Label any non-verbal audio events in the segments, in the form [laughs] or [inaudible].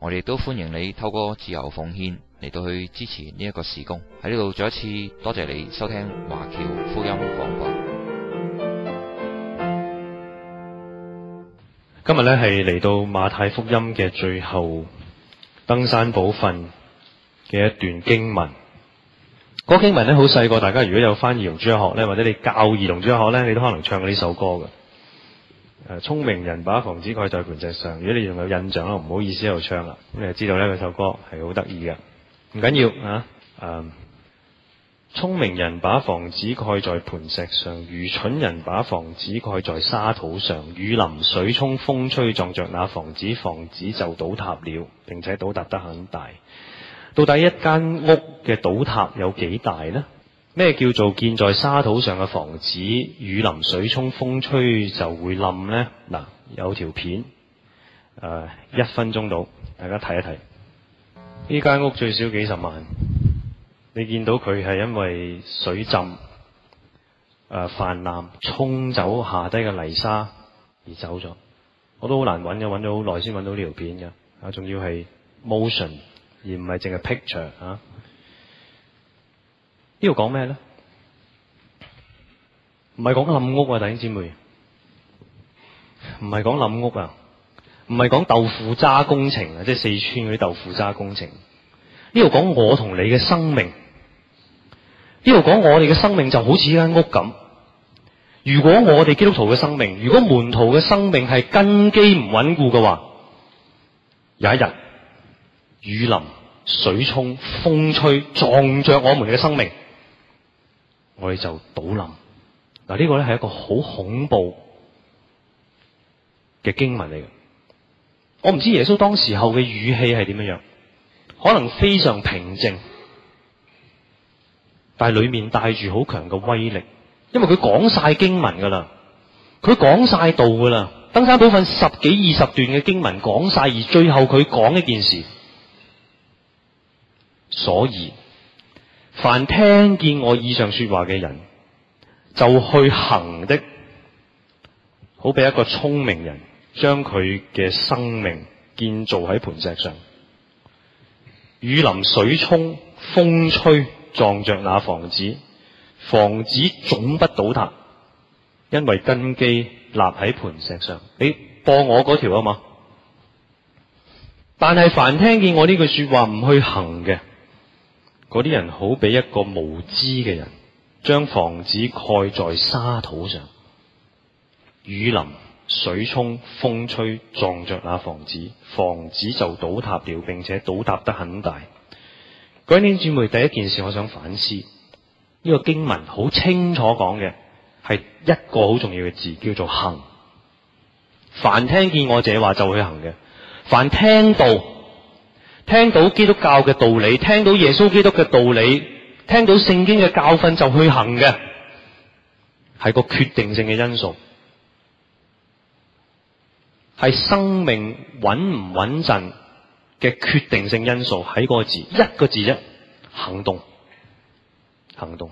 我哋都歡迎你透過自由奉獻嚟到去支持呢一個事工。喺呢度再一次多謝你收聽華僑福音廣播。今日呢係嚟到馬太福音嘅最後登山寶訓嘅一段經文。嗰、那個、經文呢好細個，大家如果有返兒童主學呢，或者你教兒童主學呢，你都可能唱過呢首歌嘅。誒，聰明人把房子蓋在磐石上，如果你仲有印象啦，唔好意思喺度唱啦，你就知道呢，嗰首歌係好得意嘅。唔緊要啊，誒、啊，聰明人把房子蓋在磐石上，愚蠢人把房子蓋在沙土上，雨淋水沖，風吹撞着，那房子，房子就倒塌了，並且倒塌得很大。到底一間屋嘅倒塌有幾大呢？咩叫做建在沙土上嘅房子，雨淋水沖風吹就會冧呢？嗱，有條片，誒、呃，一分鐘到，大家睇一睇。呢間屋最少幾十萬，你見到佢係因為水浸，誒、呃，泛濫沖走下低嘅泥沙而走咗。我都好難揾嘅，揾咗好耐先揾到呢條片嘅。啊，仲要係 motion 而唔係淨係 picture 啊。呢度講咩咧？唔係講冧屋啊，弟兄姐妹，唔係講冧屋啊，唔係講豆腐渣工程啊，即係四川嗰啲豆腐渣工程。呢度講我同你嘅生命，呢度講我哋嘅生命就好似一間屋咁。如果我哋基督徒嘅生命，如果門徒嘅生命係根基唔穩固嘅話，有一日雨淋、水沖、風吹，撞着我們嘅生命。我哋就倒冧。嗱，呢個咧係一個好恐怖嘅經文嚟嘅。我唔知耶穌當時候嘅語氣係點樣，可能非常平靜，但係裏面帶住好強嘅威力，因為佢講晒經文噶啦，佢講晒道噶啦，登山寶訓十幾二十段嘅經文講晒，而最後佢講一件事，所以。凡聽見我以上說話嘅人，就去行的，好比一個聰明人，將佢嘅生命建造喺磐石上。雨淋水沖，風吹撞着那房子，房子總不倒塌，因為根基立喺磐石上。你播我嗰條啊嘛？但係凡聽見我呢句說話唔去行嘅。嗰啲人好比一個無知嘅人，將房子蓋在沙土上，雨淋、水沖、風吹，撞着那房子，房子就倒塌掉，並且倒塌得很大。各位弟兄姊妹，第一件事我想反思，呢個經文好清楚講嘅係一個好重要嘅字，叫做行。凡聽見我這話就去行嘅，凡聽到。聽到基督教嘅道理，聽到耶穌基督嘅道理，聽到聖經嘅教訓就去行嘅，係個決定性嘅因素，係生命穩唔穩陣嘅決定性因素，喺個字一個字啫，行動，行動。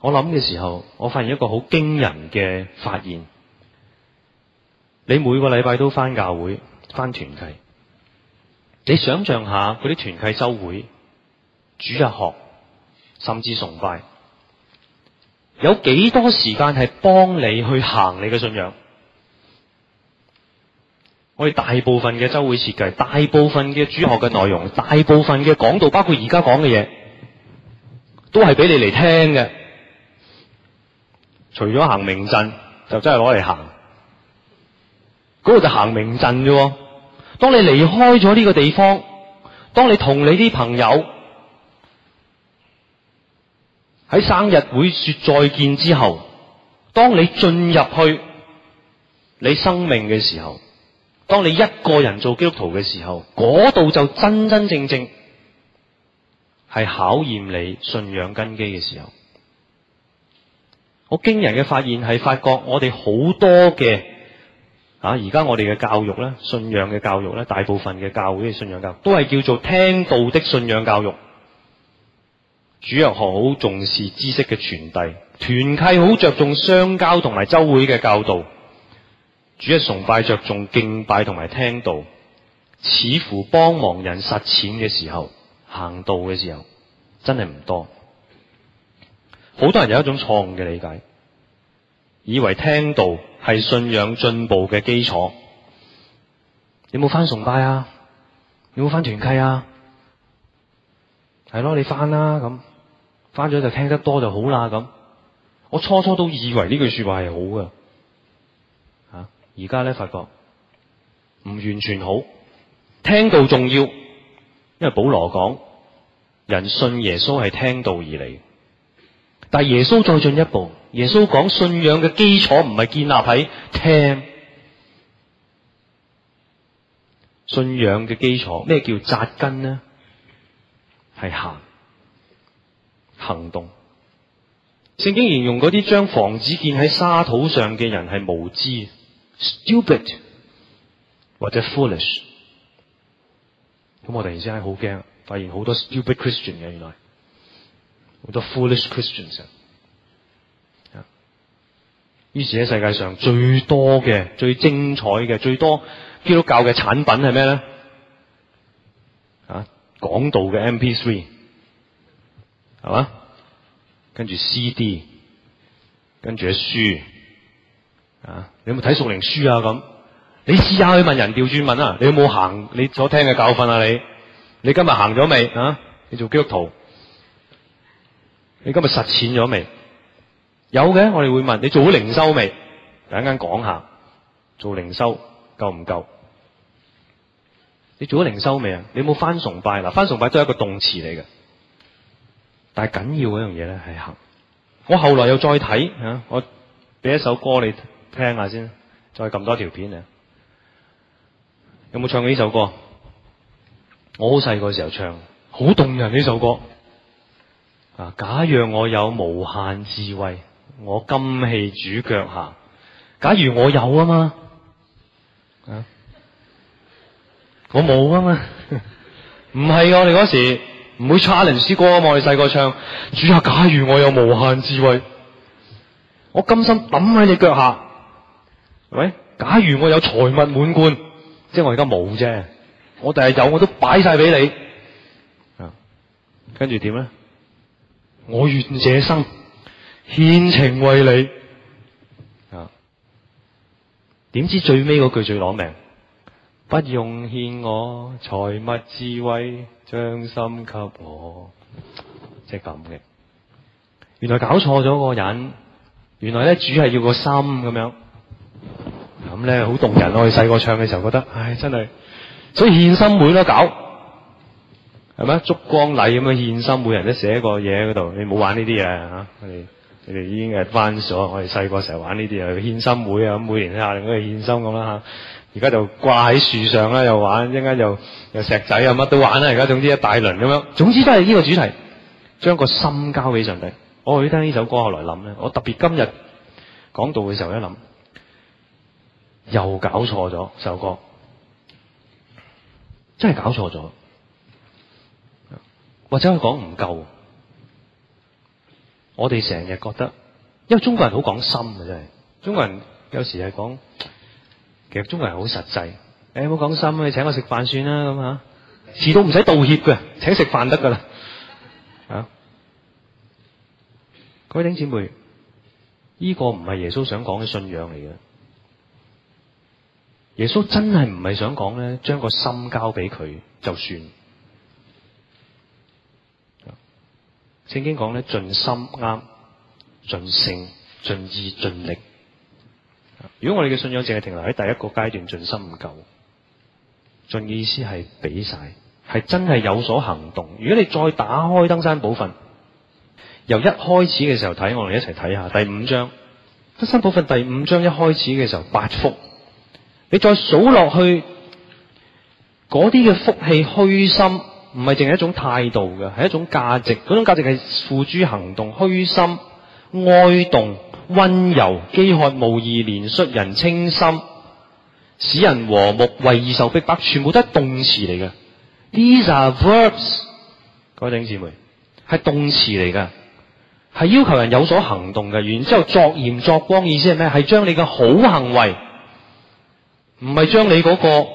我諗嘅時候，我發現一個好驚人嘅發現，你每個禮拜都返教會返團契。你想像下嗰啲團契週會，主日學，甚至崇拜，有幾多時間係幫你去行你嘅信仰？我哋大部分嘅週會設計，大部分嘅主學嘅內容，大部分嘅講道，包括而家講嘅嘢，都係俾你嚟聽嘅。除咗行明陣，就真係攞嚟行，嗰個就行名陣啫。當你離開咗呢個地方，當你同你啲朋友喺生日會說再見之後，當你進入去你生命嘅時候，當你一個人做基督徒嘅時候，嗰度就真真正正係考驗你信仰根基嘅時候。我驚人嘅發現係發覺我哋好多嘅。啊！而家我哋嘅教育咧，信仰嘅教育咧，大部分嘅教會嘅信仰教育都係叫做聽道的信仰教育。主日學好重視知識嘅傳遞，團契好着重相交同埋周會嘅教導。主日崇拜着重敬拜同埋聽道，似乎幫忙人實踐嘅時候，行道嘅時候，真係唔多。好多人有一種錯誤嘅理解，以為聽道係信仰進步嘅基礎。你有冇翻崇拜啊？你有冇翻團契啊？係咯，你翻啦咁，翻咗就聽得多就好啦咁。我初初都以為呢句說話係好噶，吓而家咧發覺唔完全好。聽道重要，因為保羅講人信耶穌係聽道而嚟，但係耶穌再進一步。耶穌講信仰嘅基礎唔係建立喺聽，信仰嘅基礎咩叫扎根呢？係行行動。聖經形容嗰啲將房子建喺沙土上嘅人係無知，stupid 或者 foolish。咁我突然之間好驚，發現好多 stupid Christian 嘅原來，好多 foolish Christians。於是喺世界上最多嘅、最精彩嘅、最多基督教嘅產品係咩咧？啊，講道嘅 MP3 係嘛？跟住 C D，跟住啲書、啊、書啊！你有冇睇屬靈書啊？咁你試下去問人調轉問啊！你有冇行你所聽嘅教訓啊？你你今日行咗未啊？你做基督徒，你今日實踐咗未？有嘅，我哋會問你做咗靈修未？等間講下，做靈修夠唔夠？你做咗靈修未啊？你有冇翻崇拜？嗱，翻崇拜都係一個動詞嚟嘅，但係緊要嗰樣嘢咧係行。我後來又再睇，我俾一首歌你聽下先，再撳多條片嚟。有冇唱過呢首歌？我好細個時候唱，好動人呢首歌。啊，假若我有無限智慧。我金器主腳下，假如我有啊嘛，啊我冇啊嘛，唔 [laughs] 係我哋時唔會唱呢首詩歌啊嘛，我哋細個唱主啊，假如我有無限智慧，我甘心抌喺你腳下，係咪喂假如我有財物滿貫， [laughs] 即係我而家冇啫，我第日有我都擺晒俾你，啊，跟住點咧？我願捨生。獻情為你啊！點知最尾嗰句最攞命，不用獻我財物智慧，將心給我，即係咁嘅。原來搞錯咗個人，原來咧主係要個心咁樣，咁咧好動人。我哋細個唱嘅時候覺得，唉，真係，所以獻心會都搞，係咪啊？燭光禮咁樣獻心，每人都寫個嘢喺度，你唔好玩呢啲嘢吓，你。你哋已經誒翻咗，我哋細個成日玩呢啲啊，獻心會啊，咁每年下年嗰啲獻心咁啦嚇。而家就掛喺樹上啦，又玩，一陣間又又石仔啊，乜都玩啦。而家總之一大輪咁樣，總之都係呢個主題，將個心交俾上帝。我去聽呢首歌後來諗咧，我特別今日講道嘅時候一諗，又搞錯咗首歌，真係搞錯咗，或者佢講唔夠。我哋成日覺得，因為中國人好講心嘅真係，中國人有時係講，其實中國人好實際，誒好講心你請我食飯算啦咁吓，遲到唔使道歉嘅，請食飯得噶啦，啊，各位弟兄姊妹，依、呢個唔係耶穌想講嘅信仰嚟嘅，耶穌真係唔係想講咧，將個心交俾佢就算。聖經講咧盡心啱，盡性盡意盡力。如果我哋嘅信仰淨係停留喺第一個階段，盡心唔夠。盡意思係俾晒，係真係有所行動。如果你再打開登山寶訓，由一開始嘅時候睇，我哋一齊睇下第五章。登山寶訓第五章一開始嘅時候八福，你再數落去，嗰啲嘅福氣虛心。唔係淨係一種態度嘅，係一種價值。種價值係付諸行動，虛心、哀慟、溫柔、饑渴慕義、憐恤人、清心，使人和睦，為義受逼迫，全部都係動詞嚟嘅。These are verbs，各位弟兄姊妹，係動詞嚟嘅，係要求人有所行動嘅。然之後作鹽作光，意思係咩？係將你嘅好行為，唔係將你嗰個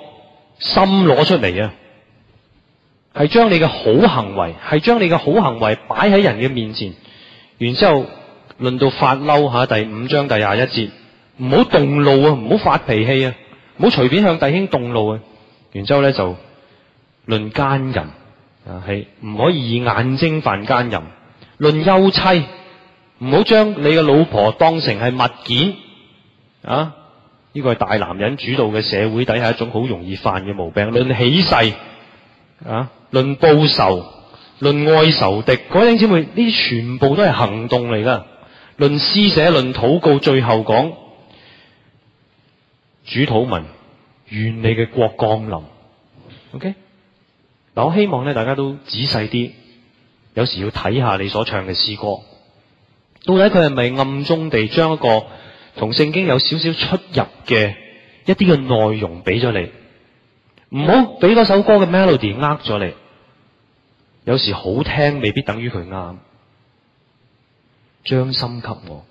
心攞出嚟啊！係將你嘅好行為，係將你嘅好行為擺喺人嘅面前，然之後論到發嬲下第五章第廿一節，唔好動怒啊，唔好發脾氣啊，唔好隨便向弟兄動怒啊。然之後咧就論奸淫，係唔可以以眼睛犯奸淫；論休妻，唔好將你嘅老婆當成係物件。啊，呢個係大男人主導嘅社會底下一種好容易犯嘅毛病。論起誓，啊。論報仇，論愛仇敵，各位姊妹，呢啲全部都係行動嚟噶。論施捨，論禱告，最後講主禱文，願你嘅國降臨。OK，嗱，我希望咧，大家都仔細啲，有時要睇下你所唱嘅詩歌，到底佢係咪暗中地將一個同聖經有少少出入嘅一啲嘅內容俾咗你？唔好俾嗰首歌嘅 melody 呃咗你，有時好聽未必等於佢啱。將心給我，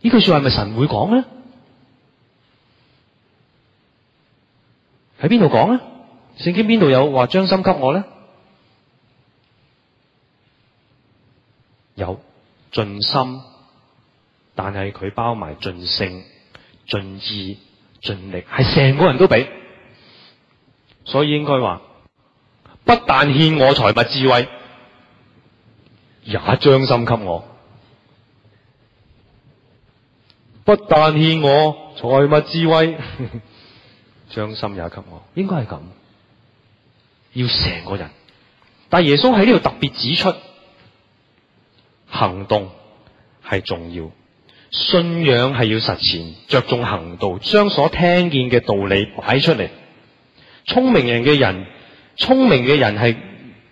呢句說話係咪神會講咧？喺邊度講咧？聖經邊度有話將心給我咧？有盡心，但係佢包埋盡性、盡意、盡力，係成個人都俾。所以應該話，不但獻我財物智慧，也將心給我。不但獻我財物智慧，將 [laughs] 心也給我。應該係咁，要成個人。但耶穌喺呢度特別指出，行動係重要，信仰係要實踐，着重行道，將所聽見嘅道理擺出嚟。聰明人嘅人，聰明嘅人係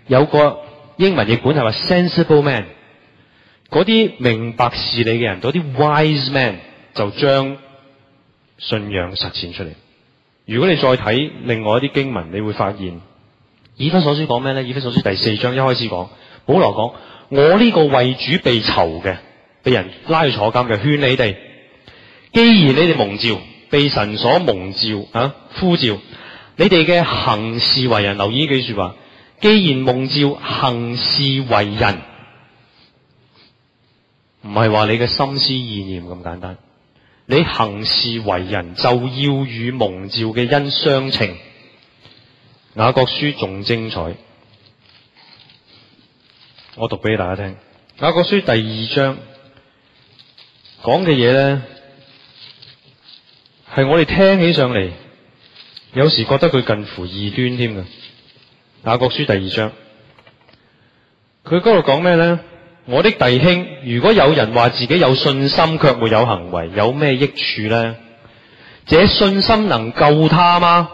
有個英文譯本係話 sensible man，嗰啲明白事理嘅人，嗰啲 wise man 就將信仰實踐出嚟。如果你再睇另外一啲經文，你會發現以弗所書講咩咧？以弗所書第四章一開始講保羅講：我呢個為主被囚嘅，被人拉去坐監嘅，勸你哋。既然你哋蒙召，被神所蒙召啊，呼召。你哋嘅行事為人，留意呢句說話。既然蒙召行事為人，唔係話你嘅心思意念咁簡單。你行事為人就要與蒙召嘅恩相稱。雅各書仲精彩，我讀俾大家聽。雅各書第二章講嘅嘢咧，係我哋聽起上嚟。有時覺得佢近乎異端添嘅，雅各書第二章，佢嗰度講咩呢？「我的弟兄，如果有人話自己有信心卻沒有行為，有咩益處呢？這信心能救他嗎？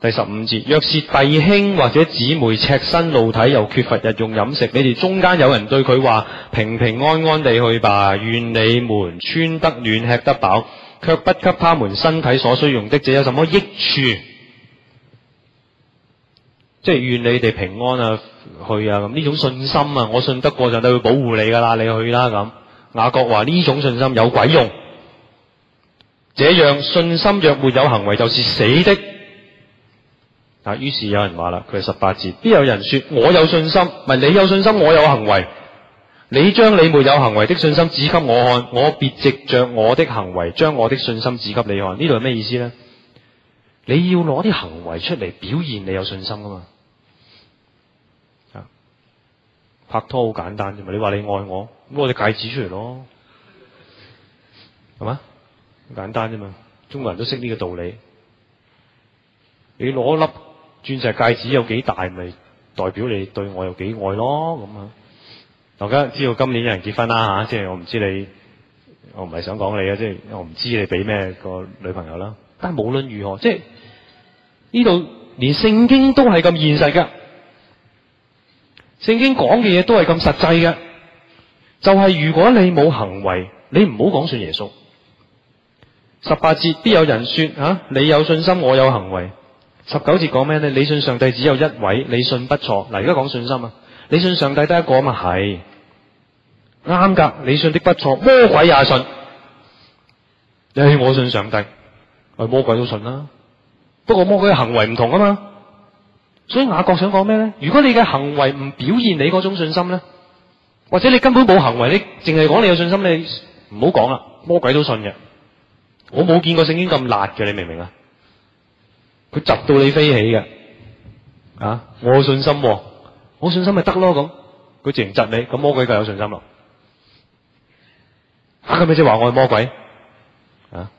第十五節，若是弟兄或者姊妹赤身露體又缺乏日用飲食，你哋中間有人對佢話：平平安安地去吧，願你們穿得暖，吃得飽。卻不給他們身體所需用的，這有什麼益處？即係願你哋平安啊，去啊，咁呢種信心啊，我信得過上帝會保護你噶啦，你去啦咁。雅各話呢種信心有鬼用？這樣信心若沒有行為，就是死的。啊，於是有人話啦，佢係十八節，必有人說我有信心，唔係你有信心，我有行為。你將你沒有行為的信心指給我看，我別藉着我的行為將我的信心指給你看。呢度係咩意思咧？你要攞啲行為出嚟表現你有信心吖嘛？拍拖好簡單啫嘛！你話你愛我，咁我攞隻戒指出嚟咯，係嘛？好簡單啫嘛！中國人都識呢個道理。你攞粒鑽石戒指有幾大，咪代表你對我有幾愛咯？咁啊。大家知道今年有人結婚啦吓、啊，即係我唔知你，我唔係想講你啊，即係我唔知你俾咩個女朋友啦。但係無論如何，即係呢度連聖經都係咁現實噶，聖經講嘅嘢都係咁實際噶，就係、是、如果你冇行為，你唔好講信耶穌。十八節必有人說啊，你有信心，我有行為。十九節講咩咧？你信上帝只有一位，你信不錯。嗱、啊，而家講信心啊，你信上帝得一個啊嘛係。啱㗎，你信的不錯，魔鬼也信。唉，我信上帝，我魔鬼都信啦。不過魔鬼嘅行為唔同啊嘛。所以雅各想講咩咧？如果你嘅行為唔表現你嗰種信心咧，或者你根本冇行為，你淨係講你有信心，你唔好講啦。魔鬼都信嘅，我冇見過聖經咁辣嘅，你明唔明啊？佢窒到你飛起嘅，啊，我有信心，哦，我信心咪得咯咁，佢淨係窒你，咁魔鬼就有信心咯。啊！佢咪即話我係魔鬼啊！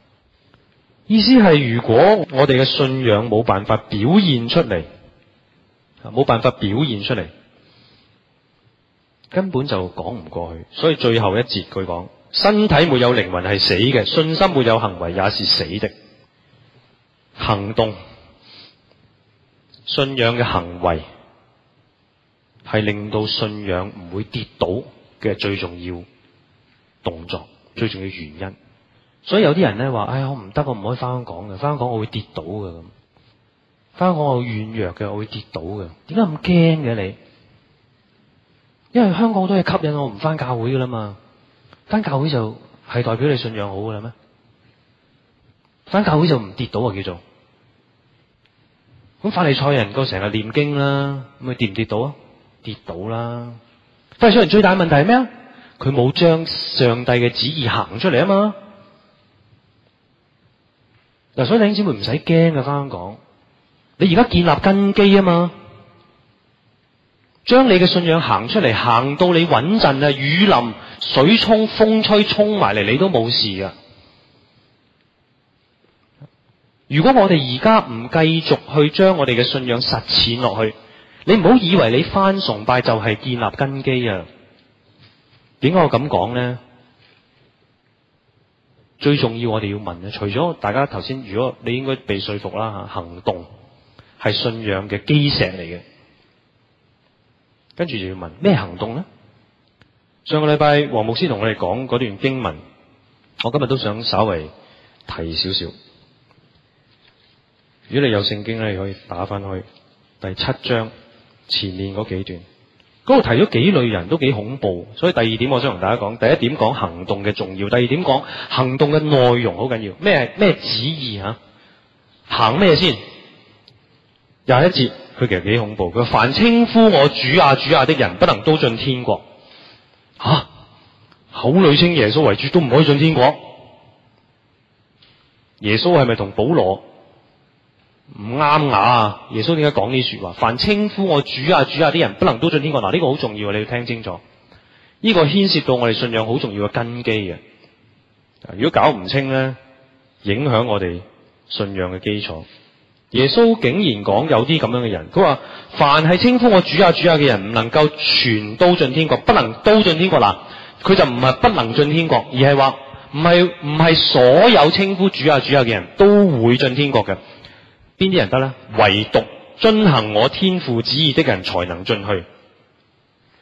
意思係如果我哋嘅信仰冇辦法表現出嚟，冇辦法表現出嚟，根本就講唔過去。所以最後一節佢講：身體沒有靈魂係死嘅，信心沒有行為也是死的。行動、信仰嘅行為係令到信仰唔會跌倒嘅最重要動作。最重要原因，所以有啲人咧話：哎我唔得，我唔可以翻香港嘅，翻香港我會跌倒嘅，咁翻香港我軟弱嘅，我會跌倒嘅。點解咁驚嘅你？因為香港好多嘢吸引我，唔翻教會噶啦嘛，翻教會就係代表你信仰好噶啦咩？翻教會就唔跌倒啊，叫做咁法利賽人個成日念經啦，咁佢跌唔跌到啊？跌到啦！法利賽人最大問題係咩啊？佢冇將上帝嘅旨意行出嚟啊嘛！嗱，所以弟兄姊妹唔使驚啊，翻香港，你而家建立根基啊嘛，將你嘅信仰行出嚟，行到你穩陣啊，雨淋、水沖、風吹衝埋嚟，你都冇事噶。如果我哋而家唔繼續去將我哋嘅信仰實踐落去，你唔好以為你翻崇拜就係建立根基啊！點解我咁講咧？最重要，我哋要問咧，除咗大家頭先，如果你應該被說服啦，行動係信仰嘅基石嚟嘅，跟住就要問咩行動咧？上個禮拜黃牧師同我哋講嗰段經文，我今日都想稍微提少少。如果你有聖經咧，你可以打翻去第七章前面嗰幾段。嗰度提咗幾類人都幾恐怖，所以第二點我想同大家講。第一點講行動嘅重要，第二點講行動嘅內容好緊要。咩咩旨意嚇？行咩先？廿一節佢其實幾恐怖。佢凡稱呼我主啊主啊的人，不能都進天國。嚇、啊！口裏稱耶穌為主，都唔可以進天國。耶穌係咪同保羅？唔啱啊，耶穌點解講呢啲說話？凡稱呼我主啊主啊啲人，不能都進天國嗱。呢個好重要，你要聽清楚。呢個牽涉到我哋信仰好重要嘅根基嘅。如果搞唔清呢，影響我哋信仰嘅基礎。耶穌竟然講有啲咁樣嘅人，佢話凡係稱呼我主啊主啊嘅人，唔能夠全都進天國，不能都進天國嗱。佢就唔係不能進天國，而係話唔係唔係所有稱呼主啊主啊嘅人都會進天國嘅。邊啲人得咧？唯獨遵行我天父旨意的人才能進去。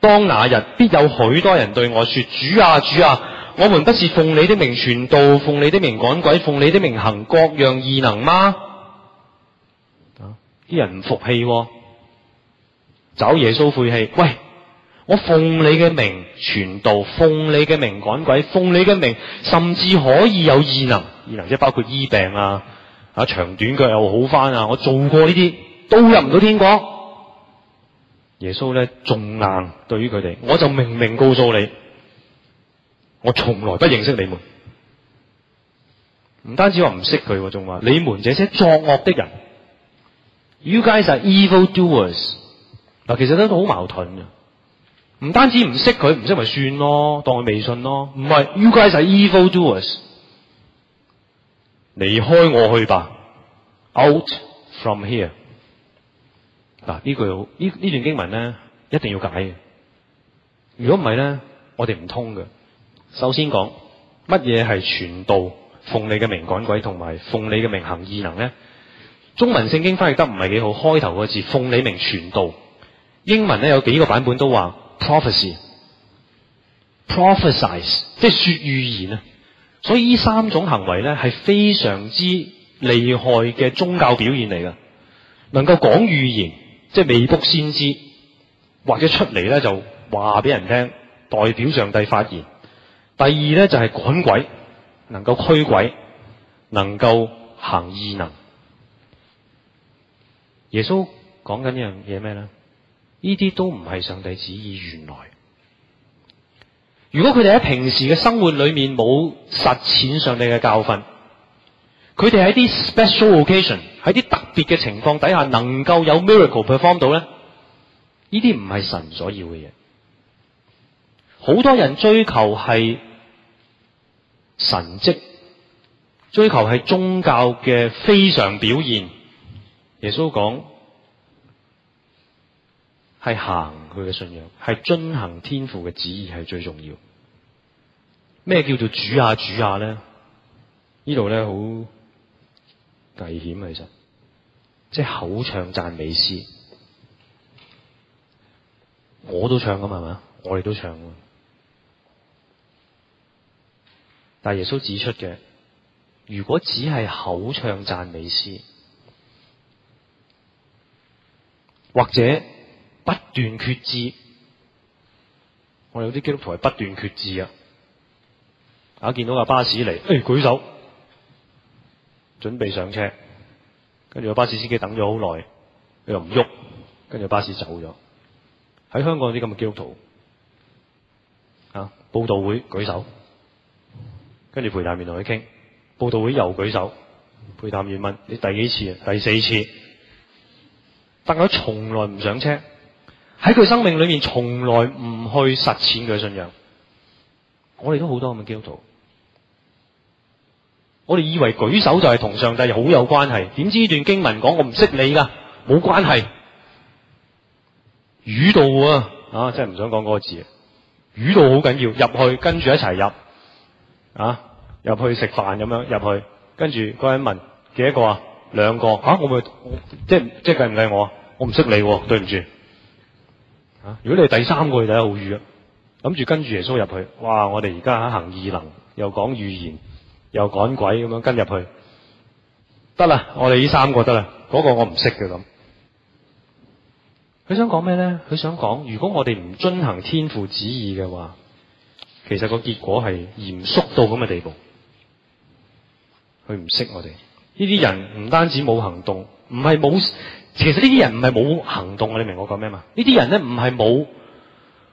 當那日，必有許多人對我說：主啊，主啊，我們不是奉你的名傳道奉名、奉你的名趕鬼、奉你的名行各樣異能嗎？啲、啊、人唔服氣、哦，找耶穌晦氣。喂，我奉你嘅名傳道，奉你嘅名趕鬼，奉你嘅名甚至可以有異能，異能即包括醫病啊。啊，長短腳又好返啊！我做過呢啲都入唔到天國。耶穌咧仲硬，難對於佢哋，我就明明告訴你，我從來不認識你們。唔單止話唔識佢，仲話你們這些作惡的人，you guys 係 evil doers。嗱，其實都好矛盾嘅。唔單止唔識佢，唔識咪算咯，當佢未信咯。唔係，you guys 係 evil doers。離開我去吧，Out from here，啊。嗱，呢句好呢呢段經文咧，一定要解。如果唔係咧，我哋唔通嘅。首先講乜嘢係傳道，奉你嘅名趕鬼，同埋奉你嘅名行異能咧？中文聖經翻譯得唔係幾好，開頭嗰字奉你名傳道，英文咧有幾個版本都話 prophesy，prophesize 即係說預言啊。所以呢三種行為咧係非常之厲害嘅宗教表現嚟噶，能夠講預言，即係未卜先知，或者出嚟咧就話俾人聽，代表上帝發言。第二咧就係、是、趕鬼，能夠驅鬼，能夠行異能。耶穌講緊呢樣嘢咩咧？呢啲都唔係上帝旨意原來。如果佢哋喺平時嘅生活裏面冇實踐上帝嘅教訓，佢哋喺啲 special occasion，喺啲特別嘅情況底下能夠有 miracle perform 到咧，呢啲唔係神所要嘅嘢。好多人追求係神蹟，追求係宗教嘅非常表現。耶穌講。係行佢嘅信仰，係遵行天父嘅旨意係最重要。咩叫做主啊主啊咧？呢度咧好危險啊，其實即係口唱讚美詩，我都唱噶嘛，係嘛？我哋都唱噶。但耶穌指出嘅，如果只係口唱讚美詩，或者。不斷決志，我哋有啲基督徒係不斷決志啊！啊，見到架巴士嚟，誒、哎，舉手，準備上車，跟住個巴士司機等咗好耐，佢又唔喐，跟住巴士走咗。喺香港啲咁嘅基督徒，啊，佈道會舉手，跟住陪談員同佢傾，佈道會又舉手，陪談員問：你第幾次啊？第四次，但佢從來唔上車。喺佢生命裏面從來唔去實踐佢信仰，我哋都好多咁嘅基督徒，我哋以為舉手就係同上帝好有關係，點知呢段經文講我唔識你噶，冇關係，語道啊，真係唔想講嗰個字，語道好緊要，入去跟住一齊入，啊，入去食飯咁樣，入去跟住嗰位問幾多個啊，兩個，啊，我會，即即計唔計我，我唔識你，啊，對唔住。如果你係第三個，就得好瘀啊，諗住跟住耶穌入去，哇！我哋而家行異能，又講預言，又趕鬼咁樣跟入去，得啦，我哋呢三個得啦，嗰個我唔識嘅咁。佢想講咩咧？佢想講，如果我哋唔遵行天父旨意嘅話，其實個結果係嚴肅到咁嘅地步。佢唔識我哋呢啲人，唔單止冇行動，唔係冇。其實呢啲人唔係冇行動，你明我講咩嘛？呢啲人咧唔係冇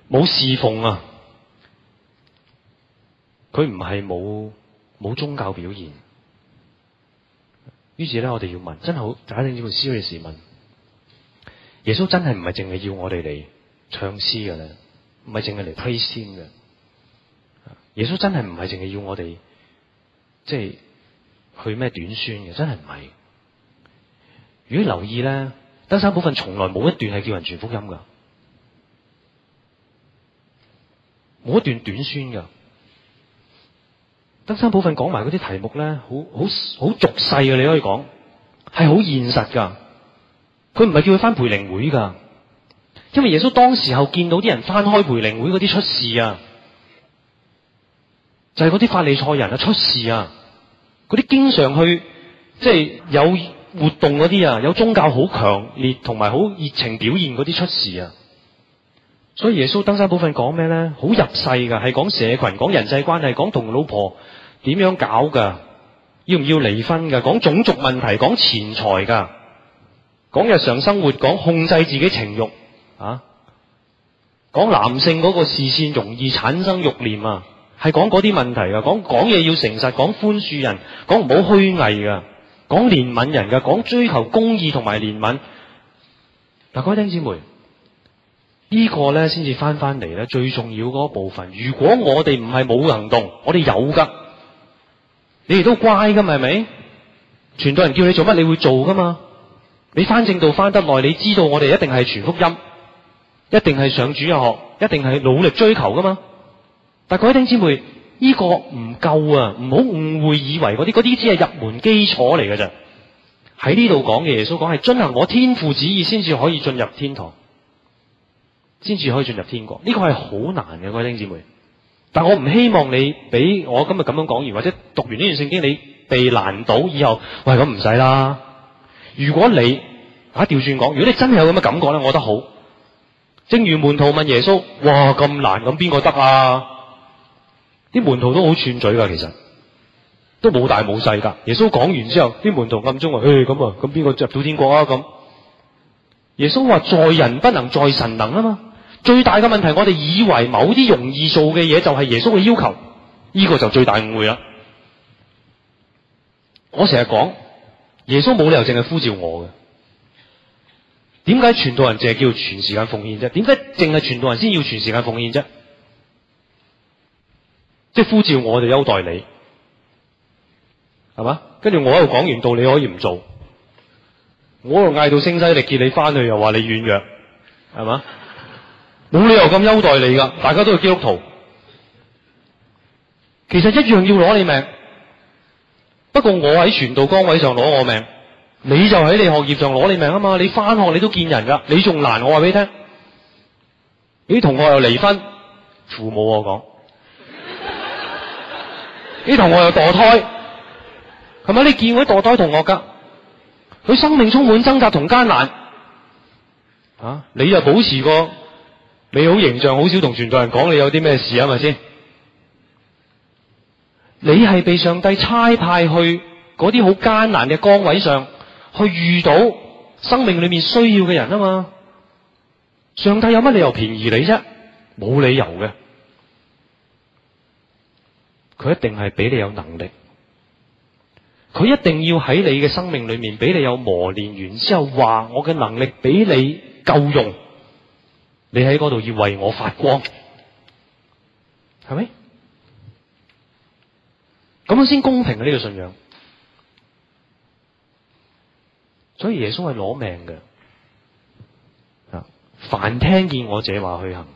冇侍奉啊，佢唔係冇冇宗教表現。於是咧，我哋要問，真係好，反正要詩嘅時問，耶穌真係唔係淨係要我哋嚟唱詩嘅，唔係淨係嚟 praise him 嘅。耶穌真係唔係淨係要我哋即係去咩短宣嘅，真係唔係。如果留意咧，登山寶訓從來冇一段係叫人傳福音噶冇一段短宣噶登山寶訓講埋嗰啲題目咧，好好好俗世嘅，你可以講係好現實噶佢唔係叫佢翻培靈會噶因為耶穌當時候見到啲人翻開培靈會嗰啲出事啊，就係嗰啲法利賽人啊出事啊，嗰啲經常去即係有活動嗰啲啊，有宗教好強烈同埋好熱情表現嗰啲出事啊，所以耶穌登山寶訓講咩呢？好入世噶，係講社群、講人際關係、講同老婆點樣搞噶，要唔要離婚噶？講種族問題、講錢財噶，講日常生活、講控制自己情慾啊，講男性嗰個視線容易產生慾念啊，係講嗰啲問題噶，講講嘢要誠實，講寬恕人，講唔好虛偽噶。講憐憫人嘅，講追求公義同埋憐憫。嗱，各位弟兄姊妹，呢、這個咧先至翻翻嚟咧，最重要嗰部分。如果我哋唔係冇行動，我哋有噶。你哋都乖噶，係咪？傳道人叫你做乜，你會做噶嘛？你翻正道翻得耐，你知道我哋一定係傳福音，一定係上主日學，一定係努力追求噶嘛。但各位弟兄姊妹。呢個唔夠啊！唔好誤會，以為嗰啲啲只係入門基礎嚟㗎咋。喺呢度講嘅耶穌講係遵行我天父旨意先至可以進入天堂，先至可以進入天國。呢個係好難嘅，各位弟兄姊妹。但我唔希望你俾我今日咁樣講完或者讀完呢段聖經，你被難倒以後，喂，咁唔使啦。如果你打調轉講，如果你真係有咁嘅感覺咧，我覺得好。正如門徒問耶穌：哇，咁難，咁邊個得啊？啲門徒都好串嘴噶，其實都冇大冇細噶。耶穌講完之後，啲門徒暗中話，誒、欸，咁啊，咁邊個入到天國啊？咁耶穌話：在人不能在神能啊嘛。最大嘅問題，我哋以為某啲容易做嘅嘢就係耶穌嘅要求，呢、這個就最大誤會啦、啊。我成日講，耶穌冇理由淨係呼召我嘅。點解傳道人淨係叫全時間奉獻啫？點解淨係傳道人先要全時間奉獻啫？即係呼召我，哋優待你，係嘛？跟住我喺度講完道理，可以唔做，我又嗌到聲犀利見你翻去，又話你軟弱，係嘛？冇 [laughs] 理由咁優待你噶，大家都係基督徒。其實一樣要攞你命，不過我喺傳道崗位上攞我命，你就喺你學業上攞你命啊嘛！你翻學你都見人噶，你仲難我話俾你聽，你啲同學又離婚，父母我講。啲同學又墮胎，係咪你見嗰啲墮胎同學噶？佢生命充滿掙扎同艱難，啊！你又保持個美好形象，好少同全族人講你有啲咩事啊？係咪先？你係被上帝差派去嗰啲好艱難嘅崗位上，去遇到生命裏面需要嘅人啊嘛！上帝有乜理由便宜你啫？冇理由嘅。佢一定係俾你有能力，佢一定要喺你嘅生命裏面俾你有磨練完之後，話我嘅能力俾你夠用，你喺嗰度要為我發光，係咪？咁樣先公平嘅。啊、呢、呢個信仰，所以耶穌係攞命嘅，啊！凡聽見我這話去行。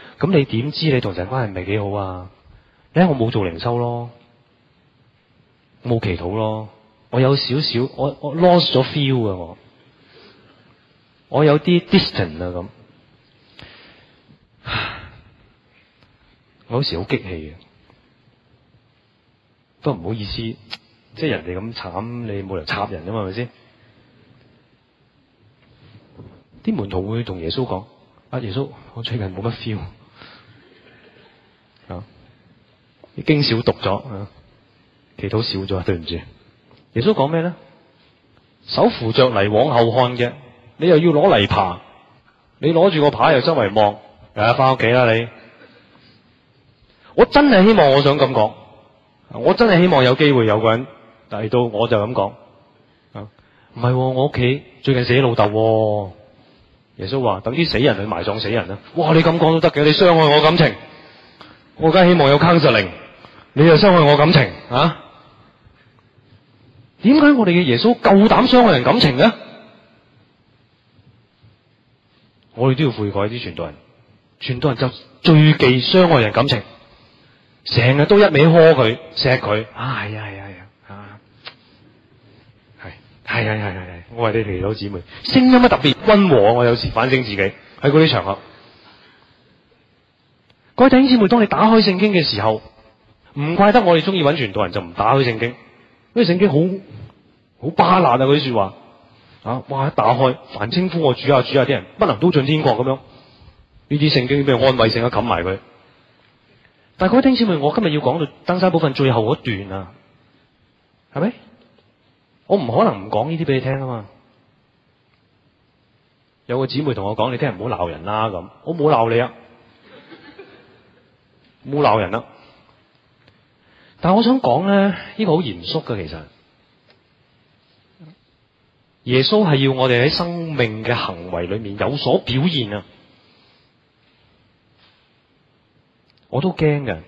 咁、嗯、你點知你同神關係唔係幾好啊？咧，我冇做靈修咯，冇祈禱咯，我有少少我我 lost 咗 feel 啊！我我，我有啲 distant 啊，咁，我有時好激氣嘅，不過唔好意思，即係人哋咁慘，你冇嚟插人是是啊嘛，係咪先？啲門徒會同耶穌講：啊，耶穌，我最近冇乜 feel。經少讀咗，祈禱少咗，對唔住。耶穌講咩咧？手扶着嚟往後看嘅，你又要攞嚟爬，你攞住個牌又周圍望，大家翻屋企啦你。我真係希望，我想咁講，我真係希望有機會有個人嚟到我、啊哦，我就咁講。唔係，我屋企最近死老豆、哦。耶穌話：等啲死人去埋葬死人啦。哇，你咁講都得嘅，你傷害我感情，我梗係希望有 counselling 你又傷害我感情啊？點解我哋嘅耶穌夠膽傷害人感情呢？我哋都要悔改啲，傳道人，傳道人就最忌傷害人感情，成日都一味呵佢、錫佢啊！係啊，係啊，係啊，係，係啊，係係係，我話你哋老姊妹，聲音都特別溫和。我有時反省自己喺嗰啲場合、嗯，各位弟兄姊妹，當你打開聖經嘅時候。唔怪得，我哋中意揾傳道人就唔打開聖經，因為聖經好好巴爛啊！嗰啲說話啊，哇，一打開，凡稱呼我主啊主啊啲人不能都進天國咁樣，呢啲聖經俾安慰性啊冚埋佢。但係各位聽姐妹，我今日要講到登山寶訓最後嗰段啊，係咪？我唔可能唔講呢啲俾你聽啊嘛。有個姊妹同我講，你聽日唔好鬧人啦咁，我冇鬧你啊，冇鬧 [laughs] 人啊。但係我想講咧，呢、呢個好嚴肅嘅，其實耶穌係要我哋喺生命嘅行為裏面有所表現啊！我都驚嘅，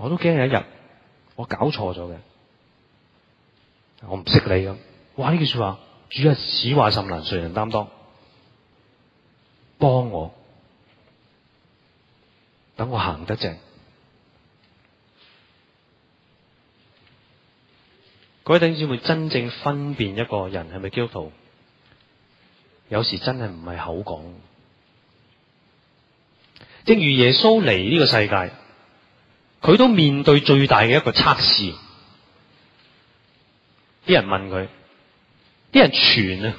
我都驚有一日我搞錯咗嘅，我唔識你咁、啊。哇！呢句說話，主啊，此話甚難，誰人擔當？幫我，等我行得正。各位弟兄姊妹，真正分辨一個人係咪基督徒，有時真係唔係口講。正如耶穌嚟呢個世界，佢都面對最大嘅一個測試。啲人問佢，啲人傳啊，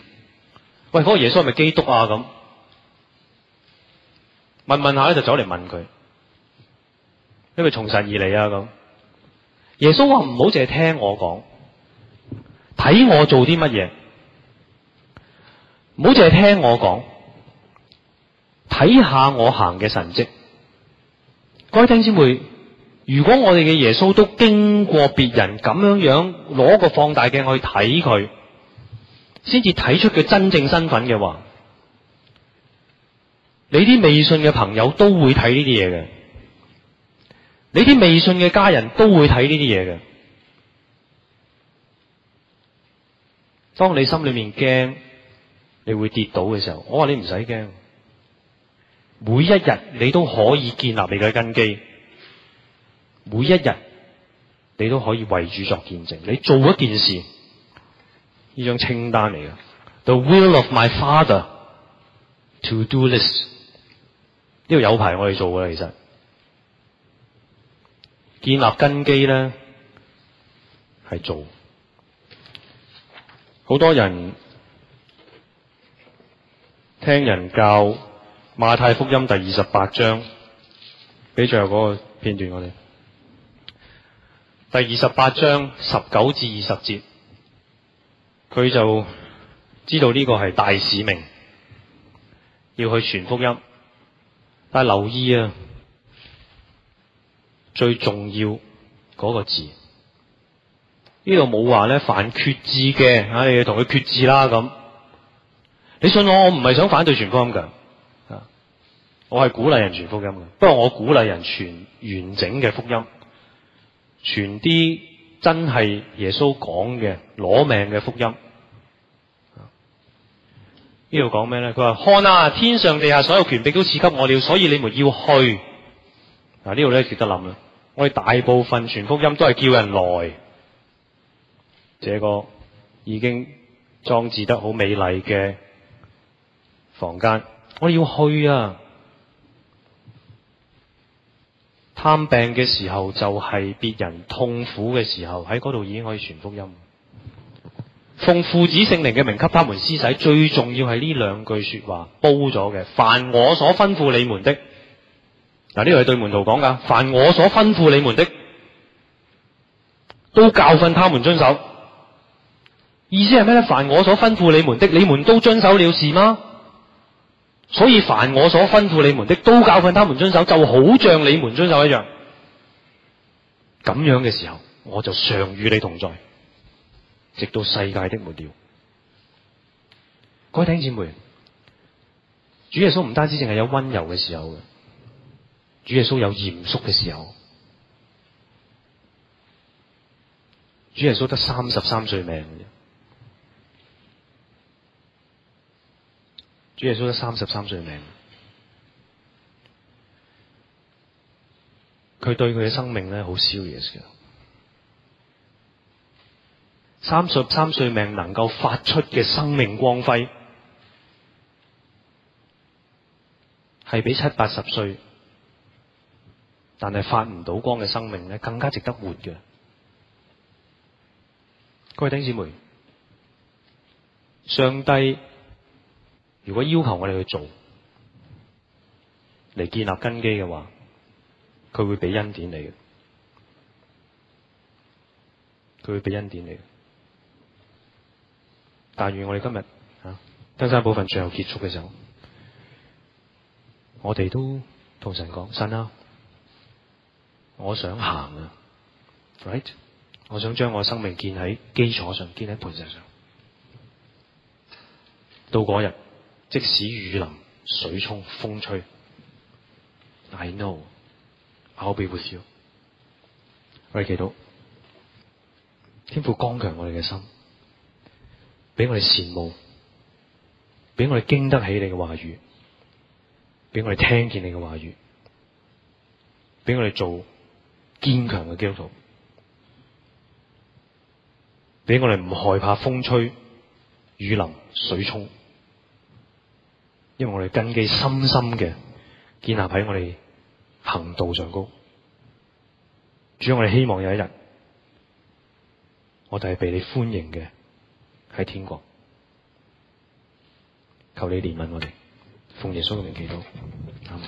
喂，嗰個耶穌係咪基督啊？咁問問下咧，就走嚟問佢，因為從神而嚟啊。咁耶穌話唔好淨係聽我講，睇我做啲乜嘢，唔好淨係聽我講，睇下我行嘅神蹟。各位聽姊妹，如果我哋嘅耶穌都經過別人咁樣樣攞個放大鏡去睇佢，先至睇出佢真正身份嘅話，你啲未信嘅朋友都會睇呢啲嘢嘅，你啲未信嘅家人都會睇呢啲嘢嘅。當你心裏面驚，你會跌倒嘅時候，我話你唔使驚，每一日你都可以建立你嘅根基，每一日你都可以為主作見證。你做一件事，呢張清單嚟嘅，The will of my father to do this，呢個有排我去做㗎，其實建立根基咧係做。好多人聽人教，馬太福音第二十八章，俾最後嗰個片段我哋第二十八章十九至二十節，佢就知道呢個係大使命，要去傳福音。但係留意啊，最重要嗰個字。呢度冇話咧，反決志嘅，唉，同佢決志啦咁。你信我，我唔係想反對全福音噶我係鼓勵人傳福音嘅。不過我鼓勵人傳完整嘅福音，傳啲真係耶穌講嘅攞命嘅福音。呢度講咩咧？佢話看啊，天上地下所有權柄都賜給我了，所以你們要去。嗱，呢度咧，值得諗啦。我哋大部分傳福音都係叫人來。這個已經裝置得好美麗嘅房間，我要去啊！探病嘅時候就係別人痛苦嘅時候，喺嗰度已經可以傳福音。奉父子聖靈嘅名給他們施洗，最重要係呢兩句說話煲咗嘅。凡我所吩咐你們的，嗱，呢個係對門徒講噶。凡我所吩咐你們的，都教訓他們遵守。意思係咩咧？凡我所吩咐你們的，你們都遵守了是嗎？所以凡我所吩咐你們的，都教訓他們遵守，就好像你們遵守一樣。咁樣嘅時候，我就常與你同在，直到世界的末了。各位弟兄姊妹，主耶穌唔單止淨係有温柔嘅時候嘅，主耶穌有嚴肅嘅時候。主耶穌得三十三歲命主耶穌得三十三歲命，佢對佢嘅生命咧好 serious 嘅。三十三歲命能夠發出嘅生命光輝，係比七八十歲但係發唔到光嘅生命咧更加值得活嘅。各位弟兄姊妹，上帝。如果要求我哋去做，嚟建立根基嘅話，佢會俾恩典你嘅，佢會俾恩典你嘅。但願我哋今日吓登山部分最後結束嘅時候，我哋都同神講，神啊，我想行啊，right，我想將我生命建喺基礎上，建喺磐石上，到嗰日。即使雨淋、水沖、風吹，I know I'll be with you 我。我哋祈禱天父剛強我哋嘅心，俾我哋羨慕，俾我哋經得起你嘅話語，俾我哋聽見你嘅話語，俾我哋做堅強嘅基督徒，俾我哋唔害怕風吹、雨淋、水沖。因為我哋根基深深嘅，建立喺我哋行道上高，主要我哋希望有一日，我哋係被你歡迎嘅喺天國。求你憐憫我哋，奉耶穌嘅名祈禱。Amen.